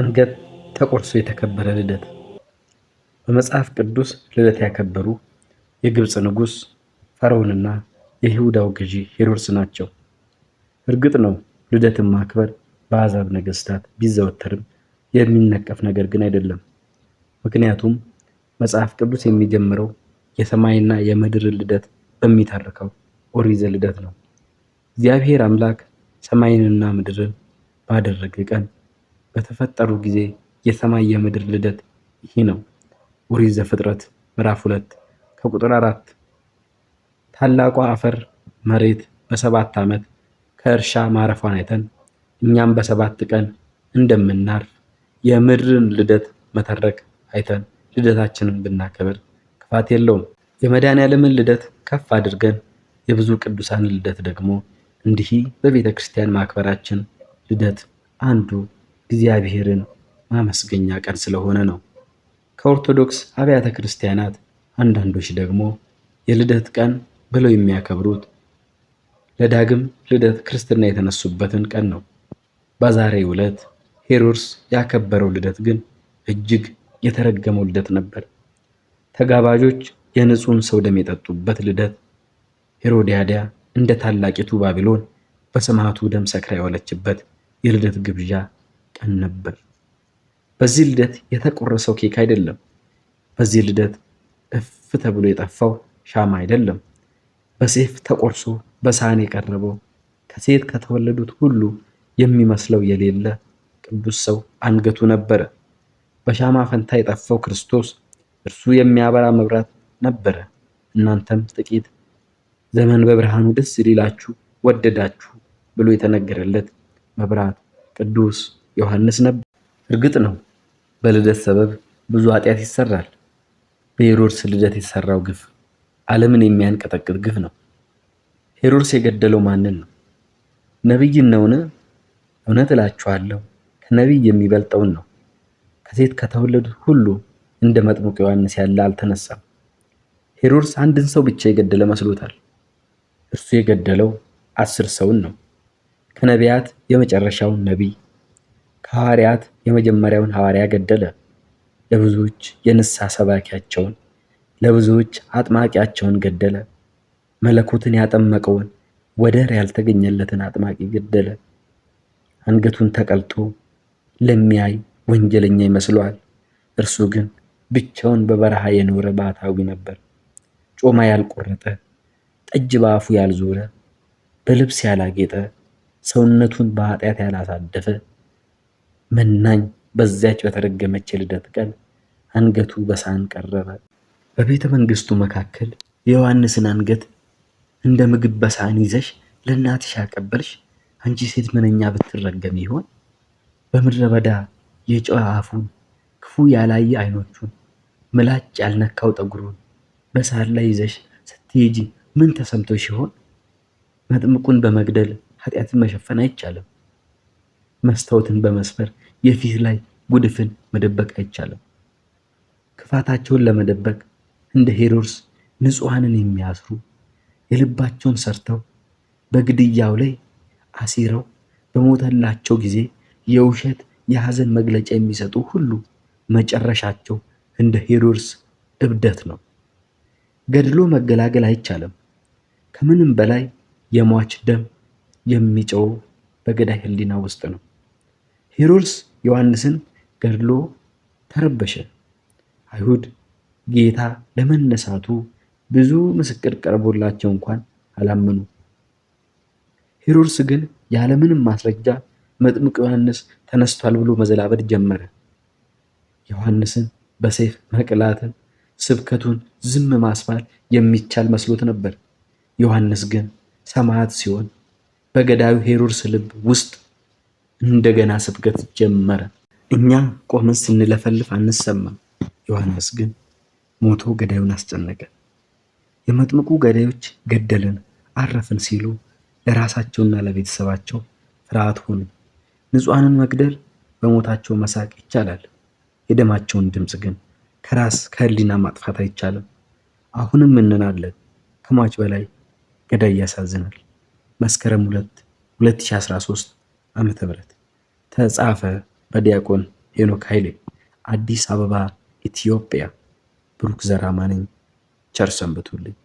አንገት ተቆርሶ የተከበረ ልደት በመጽሐፍ ቅዱስ ልደት ያከበሩ የግብፅ ንጉሥ ፈርዖንና የይሁዳው ገዢ ሄሮድስ ናቸው። እርግጥ ነው ልደትን ማክበር በአሕዛብ ነገሥታት ቢዘወተርም የሚነቀፍ ነገር ግን አይደለም። ምክንያቱም መጽሐፍ ቅዱስ የሚጀምረው የሰማይና የምድር ልደት በሚተርከው ኦሪት ዘልደት ነው። እግዚአብሔር አምላክ ሰማይንና ምድርን ባደረገ ቀን በተፈጠሩ ጊዜ የሰማይ የምድር ልደት ይህ ነው። ኦሪት ዘፍጥረት ምዕራፍ ሁለት ከቁጥር አራት ታላቋ አፈር መሬት በሰባት ዓመት ከእርሻ ማረፏን አይተን እኛም በሰባት ቀን እንደምናርፍ የምድርን ልደት መተረክ አይተን ልደታችንን ብናከብር ክፋት የለውም። የመድኃኔዓለምን ልደት ከፍ አድርገን የብዙ ቅዱሳን ልደት ደግሞ እንዲህ በቤተ ክርስቲያን ማክበራችን ልደት አንዱ እግዚአብሔርን ማመስገኛ ቀን ስለሆነ ነው። ከኦርቶዶክስ አብያተ ክርስቲያናት አንዳንዶች ደግሞ የልደት ቀን ብለው የሚያከብሩት ለዳግም ልደት ክርስትና የተነሱበትን ቀን ነው። በዛሬ ዕለት ሄሮድስ ያከበረው ልደት ግን እጅግ የተረገመው ልደት ነበር። ተጋባዦች የንጹህን ሰው ደም የጠጡበት ልደት፣ ሄሮዲያዳ እንደ ታላቂቱ ባቢሎን በሰማዕቱ ደም ሰክራ የዋለችበት የልደት ግብዣ ቀን ነበር። በዚህ ልደት የተቆረሰው ኬክ አይደለም። በዚህ ልደት እፍ ተብሎ የጠፋው ሻማ አይደለም። በሴፍ ተቆርሶ በሳህን የቀረበው ከሴት ከተወለዱት ሁሉ የሚመስለው የሌለ ቅዱስ ሰው አንገቱ ነበረ። በሻማ ፈንታ የጠፋው ክርስቶስ እርሱ የሚያበራ መብራት ነበረ። እናንተም ጥቂት ዘመን በብርሃኑ ደስ ሊላችሁ ወደዳችሁ ብሎ የተነገረለት መብራት ቅዱስ ዮሐንስ ነበር። እርግጥ ነው በልደት ሰበብ ብዙ ኃጢአት ይሰራል። በሄሮድስ ልደት የተሰራው ግፍ ዓለምን የሚያንቀጠቅጥ ግፍ ነው። ሄሮድስ የገደለው ማንን ነው? ነቢይን ነውን? እውነት እላችኋለሁ ከነቢይ የሚበልጠውን ነው። ከሴት ከተወለዱ ሁሉ እንደ መጥምቅ ዮሐንስ ያለ አልተነሳም። ሄሮድስ አንድን ሰው ብቻ የገደለ መስሎታል። እርሱ የገደለው አስር ሰውን ነው። ከነቢያት የመጨረሻውን ነቢይ ከሐዋርያት የመጀመሪያውን ሐዋርያ ገደለ። ለብዙዎች የንስሐ ሰባኪያቸውን፣ ለብዙዎች አጥማቂያቸውን ገደለ። መለኮትን ያጠመቀውን ወደር ያልተገኘለትን አጥማቂ ገደለ። አንገቱን ተቀልቶ ለሚያይ ወንጀለኛ ይመስለዋል። እርሱ ግን ብቻውን በበረሃ የኖረ ባታዊ ነበር። ጮማ ያልቆረጠ፣ ጠጅ በአፉ ያልዞረ፣ በልብስ ያላጌጠ፣ ሰውነቱን በኃጢአት ያላሳደፈ መናኝ በዚያች በተረገመች የልደት ቀን አንገቱ በሳህን ቀረበ። በቤተ መንግስቱ መካከል የዮሐንስን አንገት እንደ ምግብ በሳህን ይዘሽ ለእናትሽ ያቀበልሽ አንቺ ሴት ምንኛ ብትረገም ይሆን? በምድረ በዳ የጨዋ አፉን ክፉ ያላየ አይኖቹን ምላጭ ያልነካው ጠጉሩን በሳህን ላይ ይዘሽ ስትሄጂ ምን ተሰምቶ ሲሆን? መጥምቁን በመግደል ኃጢአትን መሸፈን አይቻልም። መስታወትን በመስበር የፊት ላይ ጉድፍን መደበቅ አይቻልም። ክፋታቸውን ለመደበቅ እንደ ሄሮድስ ንጹሐንን የሚያስሩ የልባቸውን ሰርተው በግድያው ላይ አሲረው በሞተላቸው ጊዜ የውሸት የሐዘን መግለጫ የሚሰጡ ሁሉ መጨረሻቸው እንደ ሄሮድስ እብደት ነው። ገድሎ መገላገል አይቻልም። ከምንም በላይ የሟች ደም የሚጮው በገዳይ ሕሊና ውስጥ ነው። ሄሮድስ ዮሐንስን ገድሎ ተረበሸ። አይሁድ ጌታ ለመነሳቱ ብዙ ምስክር ቀርቦላቸው እንኳን አላመኑ። ሄሮድስ ግን ያለምንም ማስረጃ መጥምቅ ዮሐንስ ተነስቷል ብሎ መዘላበድ ጀመረ። ዮሐንስን በሰይፍ መቅላትን፣ ስብከቱን ዝም ማስባል የሚቻል መስሎት ነበር። ዮሐንስ ግን ሰማዕት ሲሆን በገዳዩ ሄሮድስ ልብ ውስጥ እንደገና ስብከት ጀመረ። እኛ ቆመን ስንለፈልፍ አንሰማም። ዮሐንስ ግን ሞቶ ገዳዩን አስጨነቀ። የመጥምቁ ገዳዮች ገደልን፣ አረፍን ሲሉ ለራሳቸውና ለቤተሰባቸው ፍርሃት ሆኑ። ንጹሐንን መግደል በሞታቸው መሳቅ ይቻላል። የደማቸውን ድምፅ ግን ከራስ ከህሊና ማጥፋት አይቻልም። አሁንም እንናለን። ከሟች በላይ ገዳይ ያሳዝናል። መስከረም 2 2013 ዓመተ ምህረት ተጻፈ በዲያቆን ሄኖክ ኃይሌ። አዲስ አበባ ኢትዮጵያ። ብሩክ ዘራማ ነኝ። ቸር ሰንብቱልኝ።